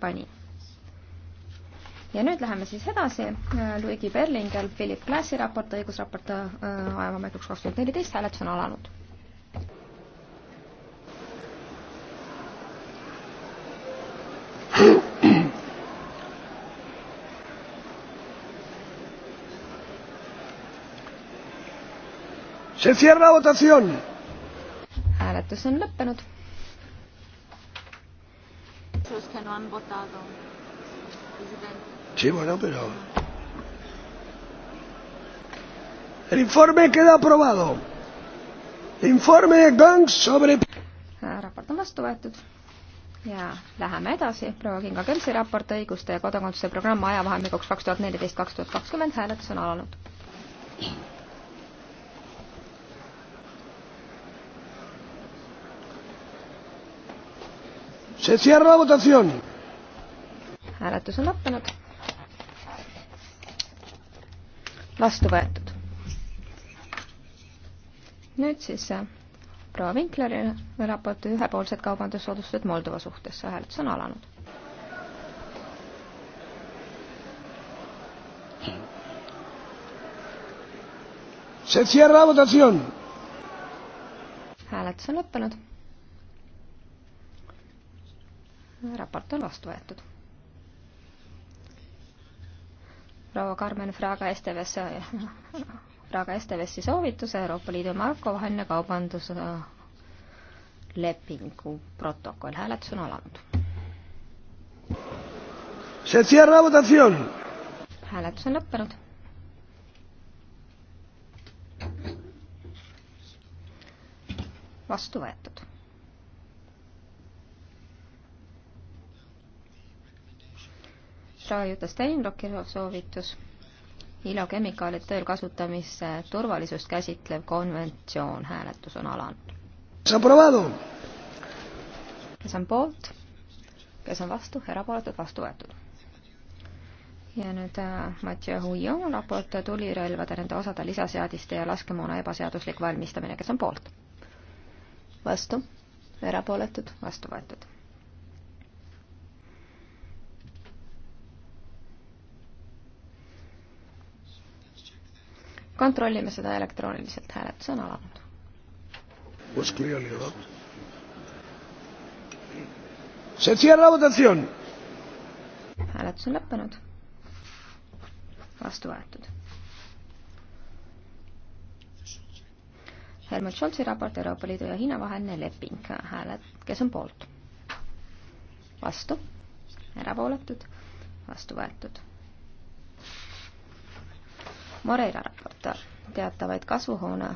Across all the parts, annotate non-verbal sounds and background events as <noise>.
pani. ja nüüd läheme siis edasi, Luigi Berlingel, Philip Glassi raport, õigusraport äh, ajavahemikuks kaks tuhat neliteist, hääletus on alanud. hääletus on lõppenud muchos que no han votado. Presidente. Sí, bueno, pero. El informe queda aprobado. Informe Gang sobre. Ah, raport on vastu võetud ja läheme edasi, proua Kinga Kelsi raport õiguste ja kodakondsuse programma ajavahemikuks kaks tuhat neliteist, kaks tuhat kakskümmend, hääletus on alanud. hääletus on lõppenud. vastu võetud. nüüd siis äh, proua Vinkleri raporti ühepoolsed kaubandussoodustused Moldova suhtes, hääletus on alanud. hääletus on lõppenud raport on vastu võetud. proua Carmen Fraga Esteves, <laughs> Fraga Estevesi soovituse Euroopa Liidu Marko vaheline kaubanduslepingu protokoll, hääletus on alanud. hääletus on lõppenud. vastu võetud. Raiuta Steinbrocki soovitus, ILO kemikaalid tööl kasutamise turvalisust käsitlev konventsioon, hääletus on alanud. kes on poolt, kes on vastu, erapooletud, vastu võetud ja nüüd äh, Mathieu Houillon raport tulirelvade, nende osade lisaseadiste ja laskemoona ebaseaduslik valmistamine, kes on poolt? vastu, erapooletud, vastu võetud. kontrollime seda elektrooniliselt, hääletus on alanud. hääletus on lõppenud. vastu võetud. Helmut Scholzi raport Euroopa Liidu ja Hiina vaheline leping, hääled, kes on poolt? vastu, erapooletud, vastu võetud Moreira raport, teatavaid kasvuhoone,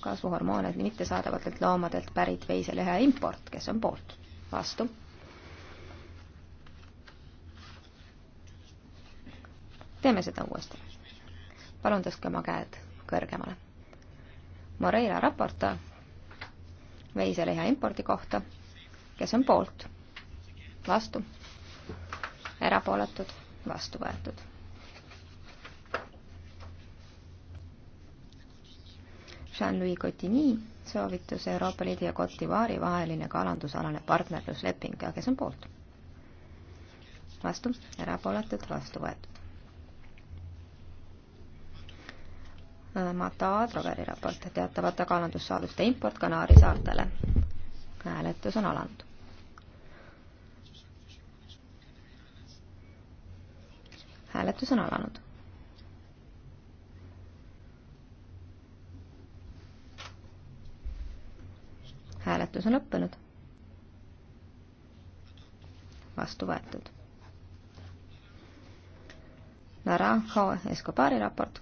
kasvuhormoone mittesaadevatelt loomadelt pärit veiselehe import, kes on poolt? vastu? teeme seda uuesti. palun tõstke oma käed kõrgemale. Moreira raport veiselehe impordi kohta, kes on poolt? vastu? erapooletud? vastu võetud Jean-Louis Cotigny soovitus Euroopa Liidu ja Cote d'Ivoire'i vaheline kalandusalane partnerlusleping ja kes on poolt? vastu, erapooletud, vastu võetud. Mata Adroveri raport teatavate kalandussaaduste import Kanaari saartele. hääletus on alanud. hääletus on alanud hääletus on lõppenud. vastu võetud. Naranjo Escobari raport.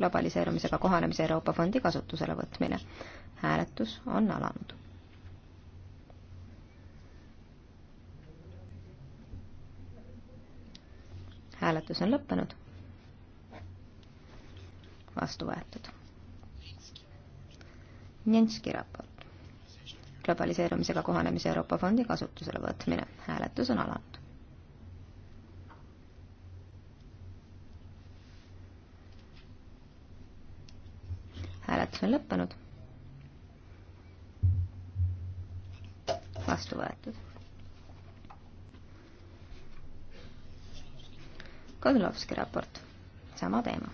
globaliseerumisega kohanemise Euroopa Fondi kasutusele võtmine. hääletus on alanud. hääletus on lõppenud. vastu võetud. Njenski raport globaliseerumisega kohanemise Euroopa Fondi kasutusele võtmine. hääletus on alanud. hääletus on lõppenud. vastu võetud. Kozlovski raport, sama teema.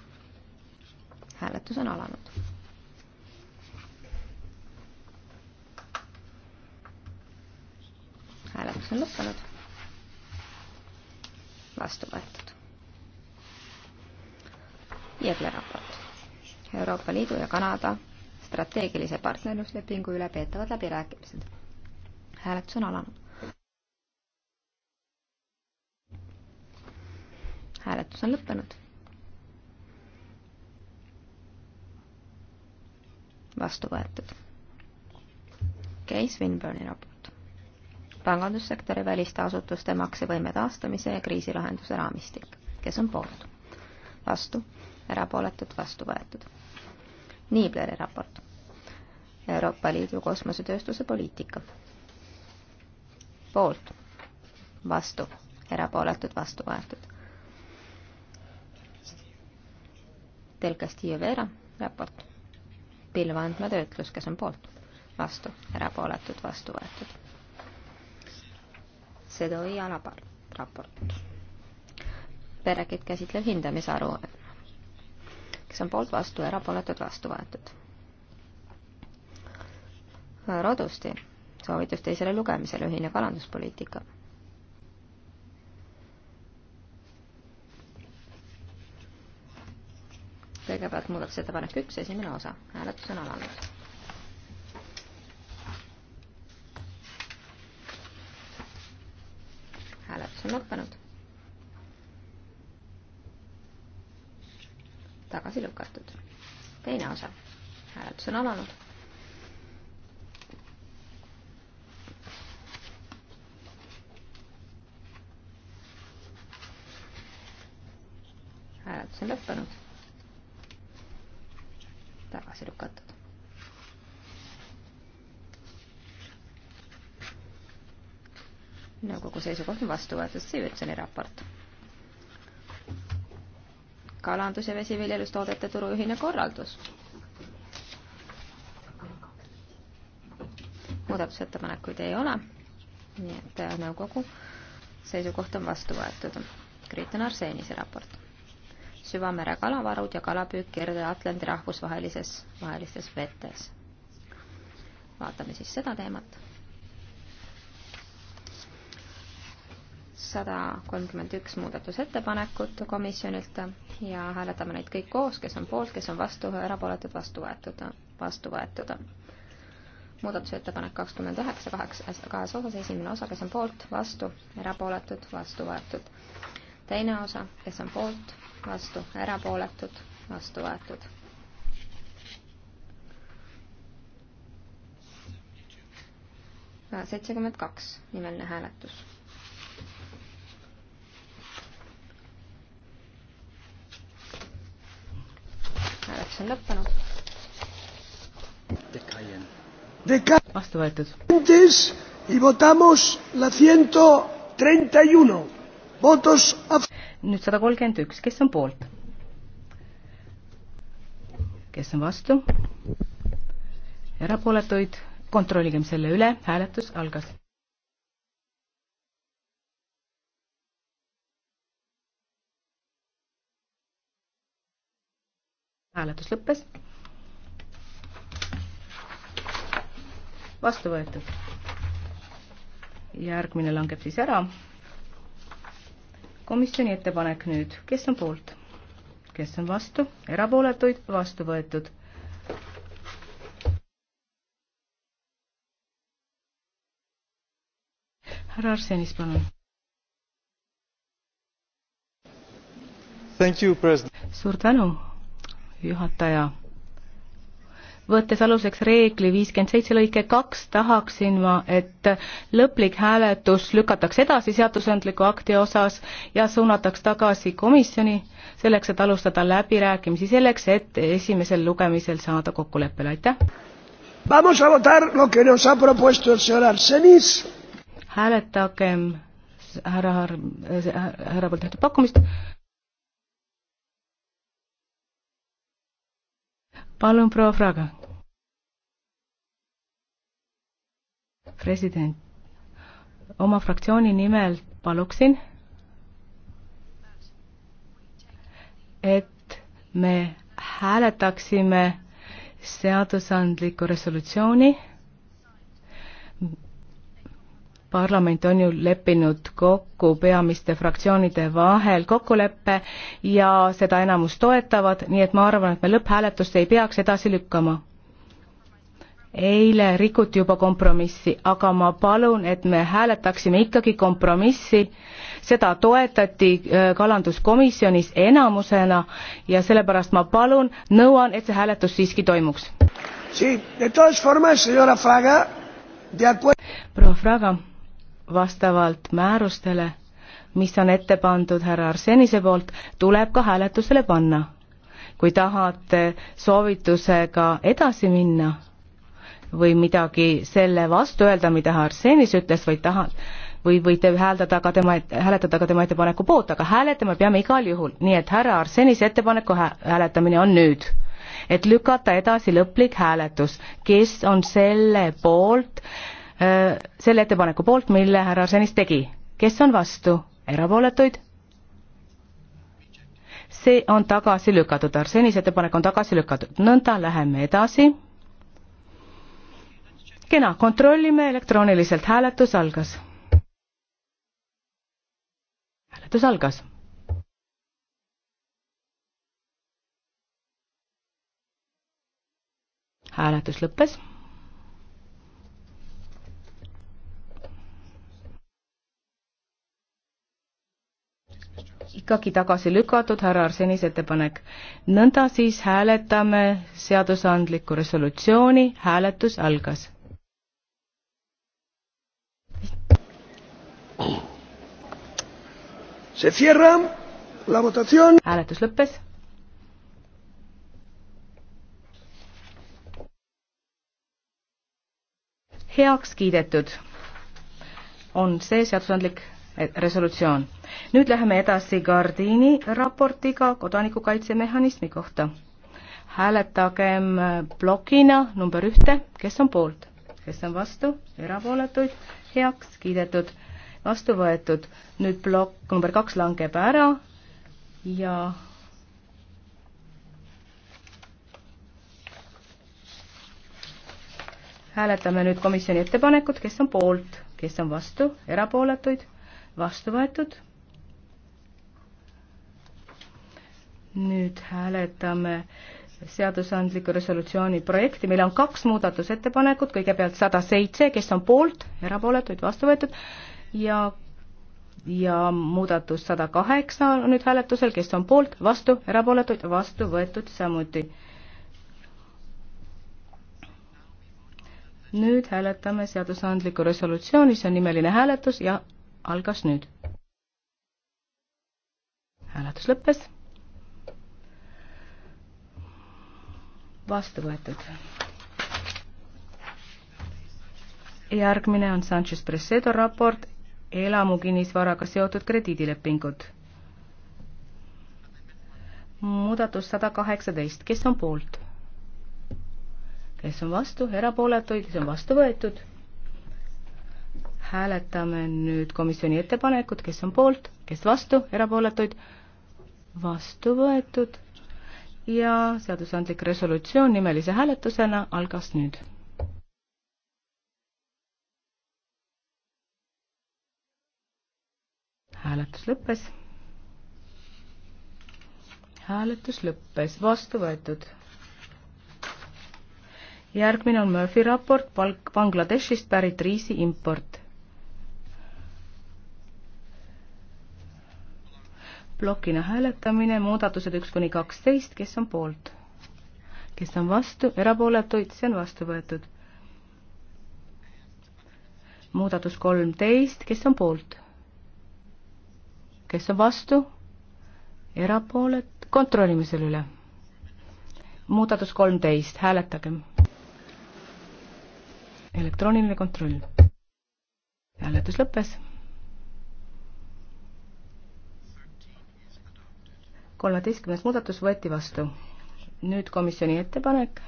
hääletus on alanud hääletus on lõppenud. vastu võetud. Jeeble raport. Euroopa Liidu ja Kanada strateegilise partnerluslepingu üle peetavad läbirääkimised. hääletus on alanud. hääletus on lõppenud. vastu võetud. Case Winburni raport pangandussektori väliste asutuste maksevõime taastamise ja kriisilahenduse raamistik. kes on poolt? vastu, erapooletud, vastu võetud. Niibleri raport. Euroopa Liidu kosmosetööstuse poliitika. poolt, vastu, erapooletud, vastu võetud. Del Castillo Vera raport. pilveandmetöötlus, kes on poolt, vastu, erapooletud, vastu võetud see tõi alaparaport. perekid käsitleb hindamisaruanne, kes on poolt vastu, erapooletud vastu võetud. Rodusti soovitus teisele lugemisele ühine kalanduspoliitika. kõigepealt muudatusettepanek üks, esimene osa, hääletus on alanud hääletus on lõppenud. tagasi lükatud. teine osa. hääletus on alanud. hääletus on lõppenud. tagasi lükatud. nõukogu seisukoht on vastu võetud, Siivetsoni raport. kalandus- ja vesiviljelustoodete turu ühine korraldus. muudatusettepanekuid ei ole, nii et äh, nõukogu seisukoht on vastu võetud. Kriitan Arseenise raport. süvamere kalavarud ja kalapüük Kirde-Atlandi rahvusvahelises, vahelistes vetes. vaatame siis seda teemat sada kolmkümmend üks muudatusettepanekut komisjonilt ja hääletame neid kõik koos, kes on poolt, kes on vastu, erapooletud, vastu võetud, vastu võetud. muudatusettepanek kakskümmend üheksa, kaheksa, kahes osas, esimene osa, kes on poolt, vastu, erapooletud, vastu võetud. teine osa, kes on poolt, vastu, erapooletud, vastu võetud. seitsekümmend kaks nimeline hääletus hääletus on lõppenud. vastu võetud. nüüd sada kolmkümmend üks, kes on poolt? kes on vastu? erapooletuid, kontrolligem selle üle, hääletus algas hääletus lõppes. vastu võetud. järgmine langeb siis ära. komisjoni ettepanek nüüd, kes on poolt, kes on vastu, erapooletuid vastu võetud. härra Arsenis, palun. suur tänu, juhataja. võttes aluseks reegli viiskümmend seitse lõike kaks, tahaksin ma, et lõplik hääletus lükatakse edasi seadusandliku akti osas ja suunataks tagasi komisjoni, selleks et alustada läbirääkimisi, selleks et esimesel lugemisel saada kokkuleppele, aitäh! Vamos a votar lo que nos ha propuesto el señor Arsenis. hääletagem härra, äh, härra poolt tehtud pakkumist palun, proua Fraga. president, oma fraktsiooni nimel paluksin, et me hääletaksime seadusandliku resolutsiooni parlament on ju leppinud kokku peamiste fraktsioonide vahel kokkuleppe ja seda enamus toetavad, nii et ma arvan, et me lõpphääletust ei peaks edasi lükkama. eile rikuti juba kompromissi, aga ma palun, et me hääletaksime ikkagi kompromissi, seda toetati äh, kalanduskomisjonis enamusena ja sellepärast ma palun, nõuan, et see hääletus siiski toimuks. Sí, de todas formas, señora Fraga, de acuerdo. Proua Fraga vastavalt määrustele, mis on ette pandud härra Arsenise poolt, tuleb ka hääletusele panna. kui tahate soovitusega edasi minna või midagi selle vastu öelda, mida Arsenis ütles või taha, või võite hääldada ka tema, hääletada ka tema ettepaneku poolt, aga hääletama peame igal juhul, nii et härra Arsenise ettepaneku hääletamine on nüüd et lükata edasi lõplik hääletus, kes on selle poolt äh, selle ettepaneku poolt, mille härra Arsenis tegi. kes on vastu? erapooletuid? see on tagasi lükatud, Arsenis ettepanek on tagasi lükatud. nõnda, läheme edasi. kena, kontrollime elektrooniliselt, hääletus algas. hääletus algas hääletus lõppes ikkagi tagasi lükatud härra Arsenis ettepanek. nõnda siis hääletame seadusandlikku resolutsiooni, hääletus algas. Se cierra la votación. Hääletus lõppes. heaks kiidetud on see seadusandlik resolutsioon. nüüd läheme edasi Gardini raportiga kodanikukaitsemehhanismi kohta. hääletagem plokina number ühte, kes on poolt, kes on vastu, erapooletuid, heaks kiidetud, vastu võetud. nüüd plokk number kaks langeb ära ja hääletame nüüd komisjoni ettepanekut, kes on poolt, kes on vastu, erapooletuid vastu võetud. nüüd hääletame seadusandliku resolutsiooni projekti, meil on kaks muudatusettepanekut, kõigepealt sada seitse, kes on poolt, erapooletuid vastu võetud ja ja muudatus sada kaheksa on nüüd hääletusel, kes on poolt, vastu, erapooletuid, vastu võetud samuti. nüüd hääletame seadusandliku resolutsiooni, see on nimeline hääletus ja algas nüüd. hääletus lõppes. vastu võetud. järgmine on Sanchez Presedo raport elamu kinnisvaraga seotud krediidilepingud. muudatus sada kaheksateist, kes on poolt? kes on vastu, erapooletuid, see on vastu võetud hääletame nüüd komisjoni ettepanekut, kes on poolt, kes vastu, erapooletuid, vastu võetud ja seadusandlik resolutsioon nimelise hääletusena algas nüüd. hääletus lõppes. hääletus lõppes, vastu võetud järgmine on Murphy raport Bangladeshist pärit riisi import. plokina hääletamine, muudatused üks kuni kaksteist, kes on poolt? kes on vastu, erapooletuid, see on vastu võetud. muudatus kolmteist, kes on poolt? kes on vastu? erapoolet-, kontrollime selle üle. muudatus kolmteist, hääletagem. elektrooniline kontroll. hääletus lõppes kolmeteistkümnes muudatus võeti vastu. nüüd komisjoni ettepanek,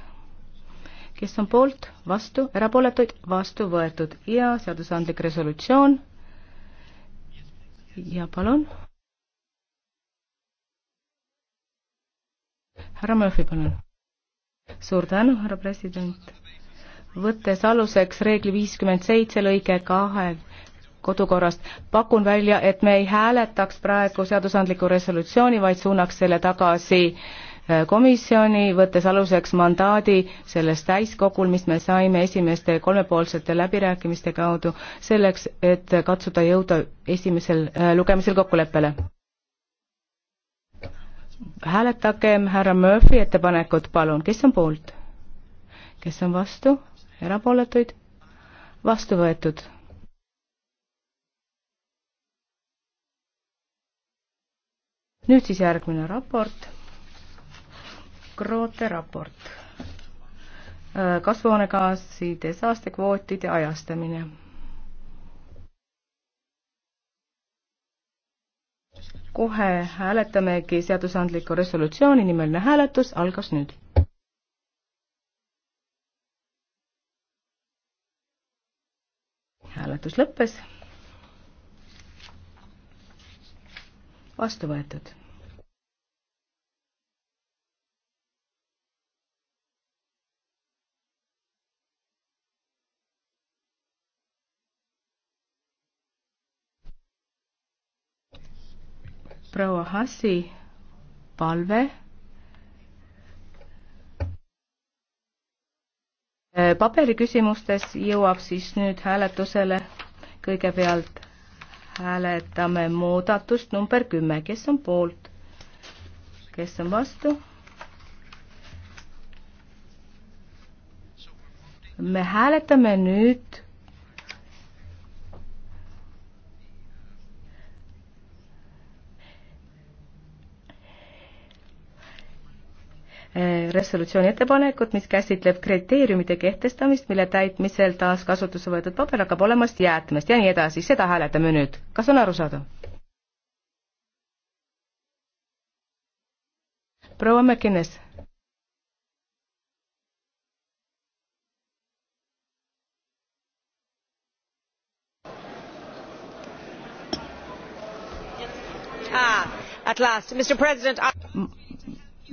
kes on poolt, vastu, erapooletuid, vastu võetud ja seadusandlik resolutsioon. ja palun. härra Murphy, palun. suur tänu, härra president. võttes aluseks reegli viiskümmend seitse lõige kahe kodukorrast. pakun välja, et me ei hääletaks praegu seadusandliku resolutsiooni, vaid suunaks selle tagasi äh, komisjoni, võttes aluseks mandaadi selles täiskogul, mis me saime esimeste kolmepoolsete läbirääkimiste kaudu, selleks, et katsuda jõuda esimesel äh, lugemisel kokkuleppele. hääletagem härra Murphy ettepanekut, palun, kes on poolt? kes on vastu? erapooletuid? vastu võetud nüüd siis järgmine raport, Groote raport, äh, kasvuhoonegaaside saastekvootide ajastamine. kohe hääletamegi seadusandliku resolutsiooni nimeline hääletus, algas nüüd hääletus lõppes. vastu võetud. proua Hassi palve äh, paberiküsimustes jõuab siis nüüd hääletusele. kõigepealt hääletame muudatust number kümme, kes on poolt, kes on vastu. me hääletame nüüd resolutsiooni ettepanekut, mis käsitleb kriteeriumide kehtestamist, mille täitmisel taas kasutusse võetud paber hakkab olema jäätmest ja nii edasi, seda hääletame nüüd. kas on arusaadav? proua Mäkines. Ah, at last, Mr President I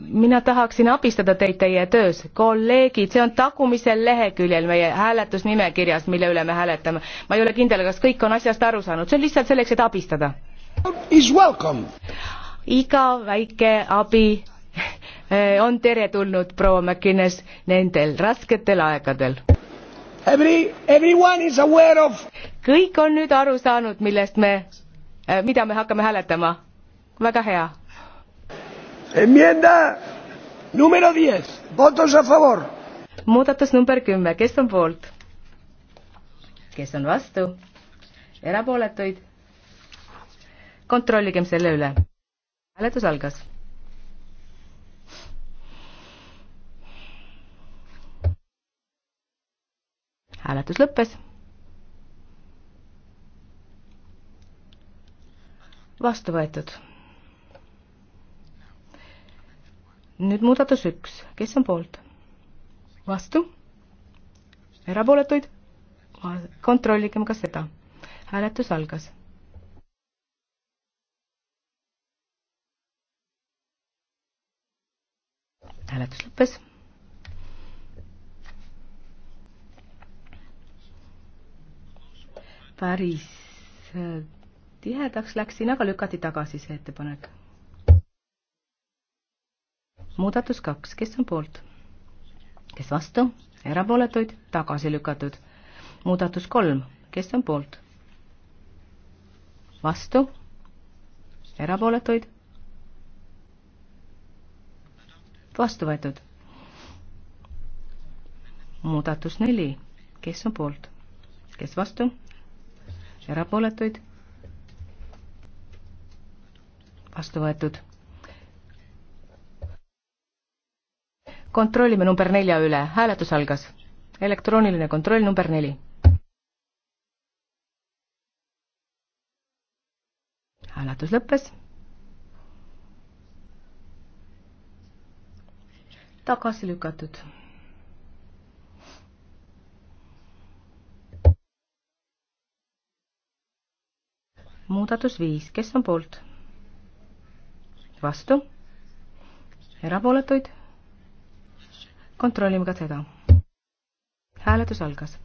mina tahaksin abistada teid teie töös, kolleegid, see on tagumisel leheküljel meie hääletusnimekirjas, mille üle me hääletame. ma ei ole kindel, kas kõik on asjast aru saanud, see on lihtsalt selleks, et abistada. iga väike abi eh, on teretulnud, proua McInnes, nendel rasketel aegadel. Every, everyone is aware of kõik on nüüd aru saanud, millest me, eh, mida me hakkame hääletama. väga hea Enmienda numero 10. Votos a favor. muudatus number kümme, kes on poolt? kes on vastu? erapooletuid? kontrolligem selle üle. hääletus algas. hääletus lõppes. vastu võetud nüüd muudatus üks, kes on poolt? vastu? erapooletuid? kontrolligem ka seda. hääletus algas. hääletus lõppes. päris äh, tihedaks läks siin, aga lükati tagasi see ettepanek muudatus kaks, kes on poolt? kes vastu? erapooletuid? tagasi lükatud. muudatus kolm, kes on poolt? vastu? erapooletuid? vastu võetud. muudatus neli, kes on poolt? kes vastu? erapooletuid? vastu võetud kontrollime number nelja üle, hääletus algas. elektrooniline kontroll number neli. hääletus lõppes. tagasi lükatud. muudatus viis, kes on poolt? vastu? erapooletuid? kontrollime ka seda. hääletus algas.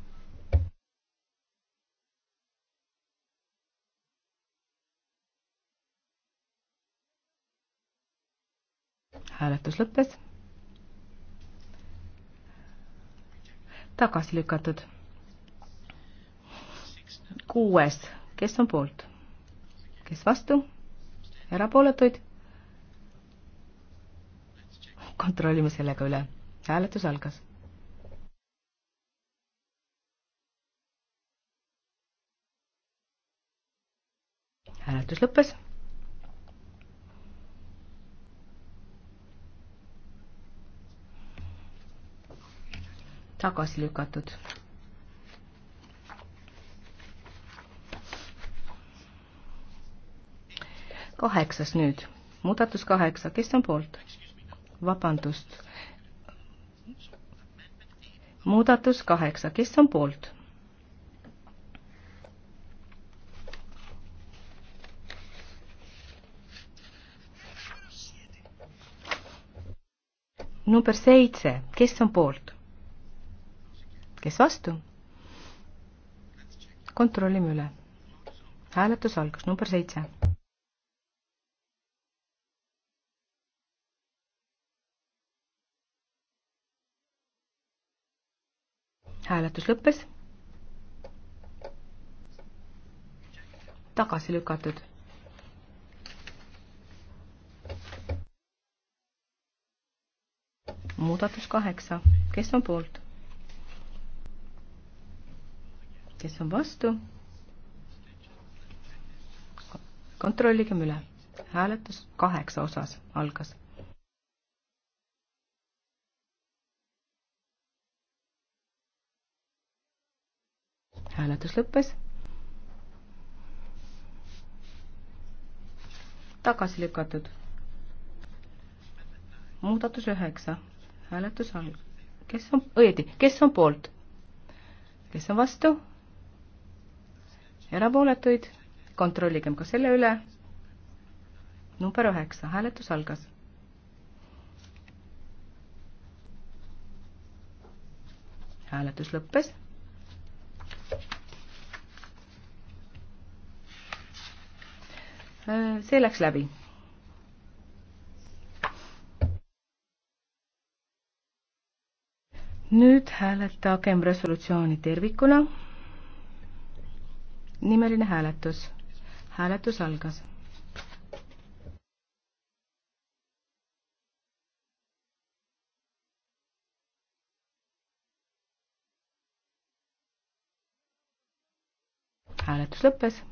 hääletus lõppes. tagasi lükatud. kuues, kes on poolt? kes vastu? erapooletuid? kontrollime selle ka üle hääletus algas. hääletus lõppes. tagasi lükatud. kaheksas nüüd, muudatus kaheksa, kes on poolt? vabandust muudatus kaheksa, kes on poolt? number seitse, kes on poolt? kes vastu? kontrollime üle. hääletus algas, number seitse hääletus lõppes. tagasi lükatud. muudatus kaheksa, kes on poolt? kes on vastu? kontrolligem üle. hääletus kaheksa osas algas hääletus lõppes. tagasi lükatud. muudatus üheksa, hääletus alg-, kes on, õieti, kes on poolt? kes on vastu? erapooletuid, kontrolligem ka selle üle. number üheksa, hääletus algas hääletus lõppes. see läks läbi. nüüd hääletagem resolutsiooni tervikuna. nimeline hääletus. hääletus algas hääletus lõppes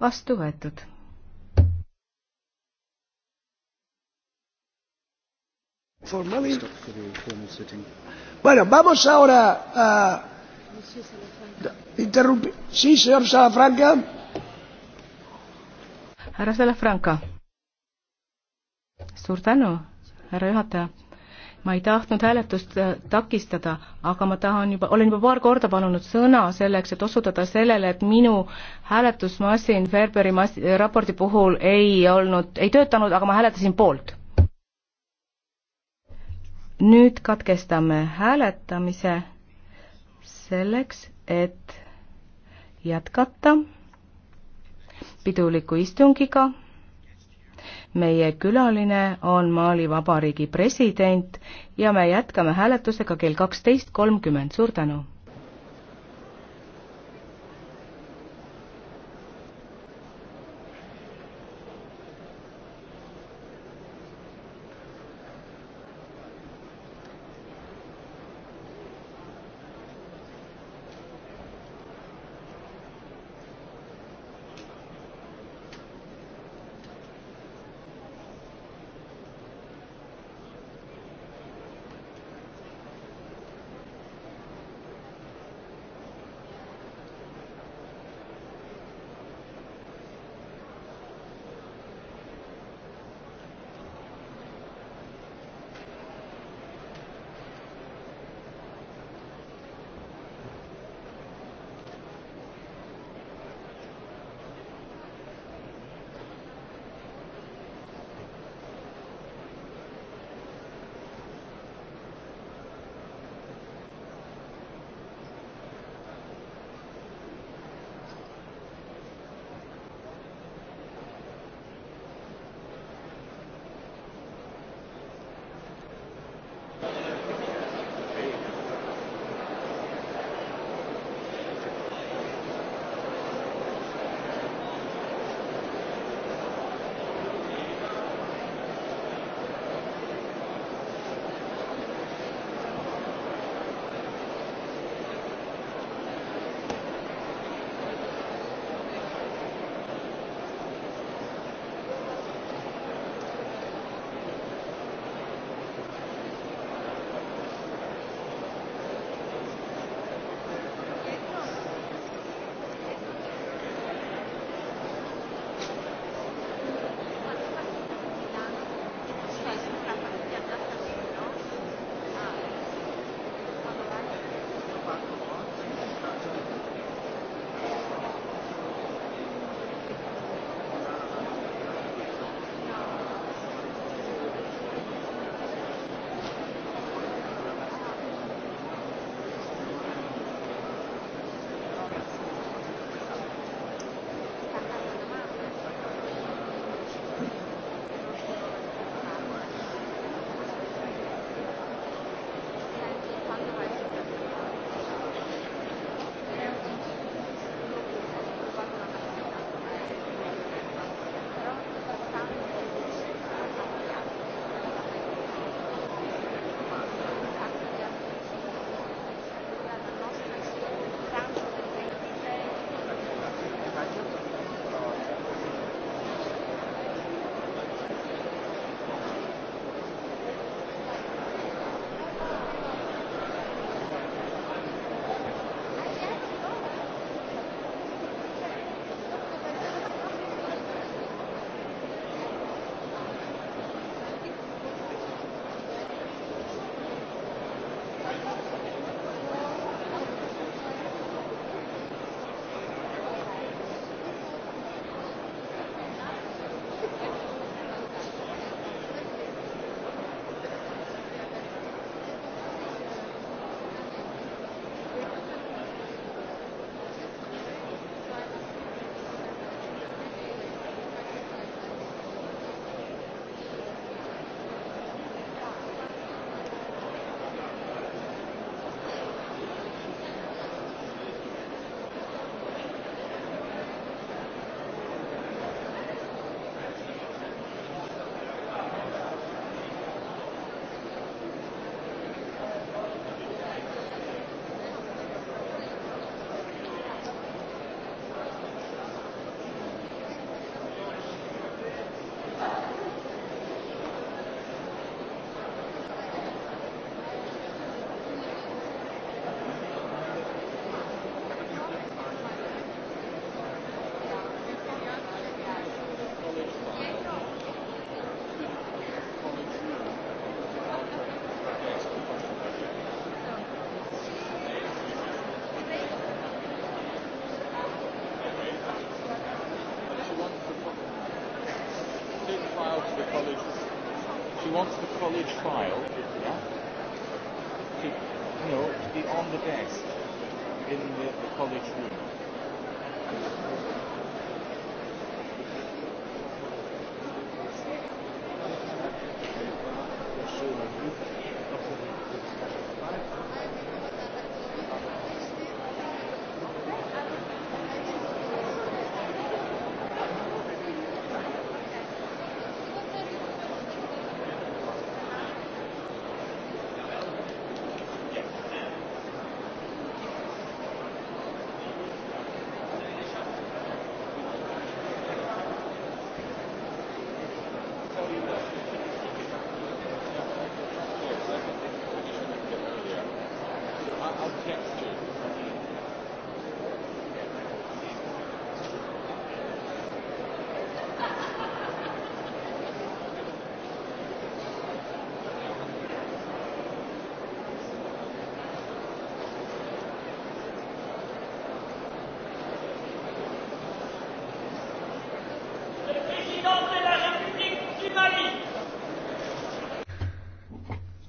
vastu võetud. Bueno, vamos ahora a interrumpir. Sí, señor Salafranca. härra Salafranca. suur tänu, härra juhataja ma ei tahtnud hääletust äh, takistada, aga ma tahan juba, olen juba paar korda palunud sõna selleks, et osutada sellele, et minu hääletusmasin Ferberi mas-, äh, raporti puhul ei olnud, ei töötanud, aga ma hääletasin poolt. nüüd katkestame hääletamise selleks, et jätkata piduliku istungiga meie külaline on Mali Vabariigi president ja me jätkame hääletusega kell kaksteist kolmkümmend, suur tänu!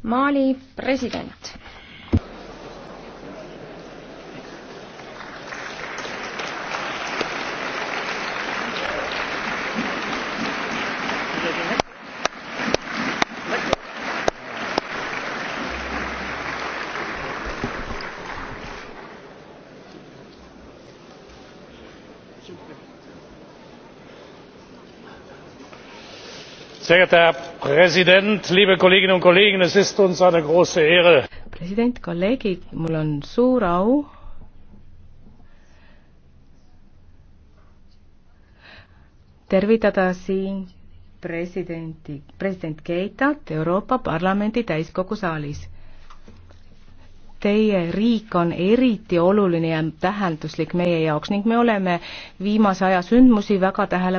Mali president. sehr geehrter herr präsident liebe kolleginnen und kollegen! es ist uns eine große ehre president kolleegid mul on suur au tervitada siin presidenti president Keitat Euroopa Parlamendi täiskogu saalis teie riik on eriti oluline ja tähenduslik meie jaoks ning me oleme viimase aja sündmusi väga tähelepanelikult jälginud.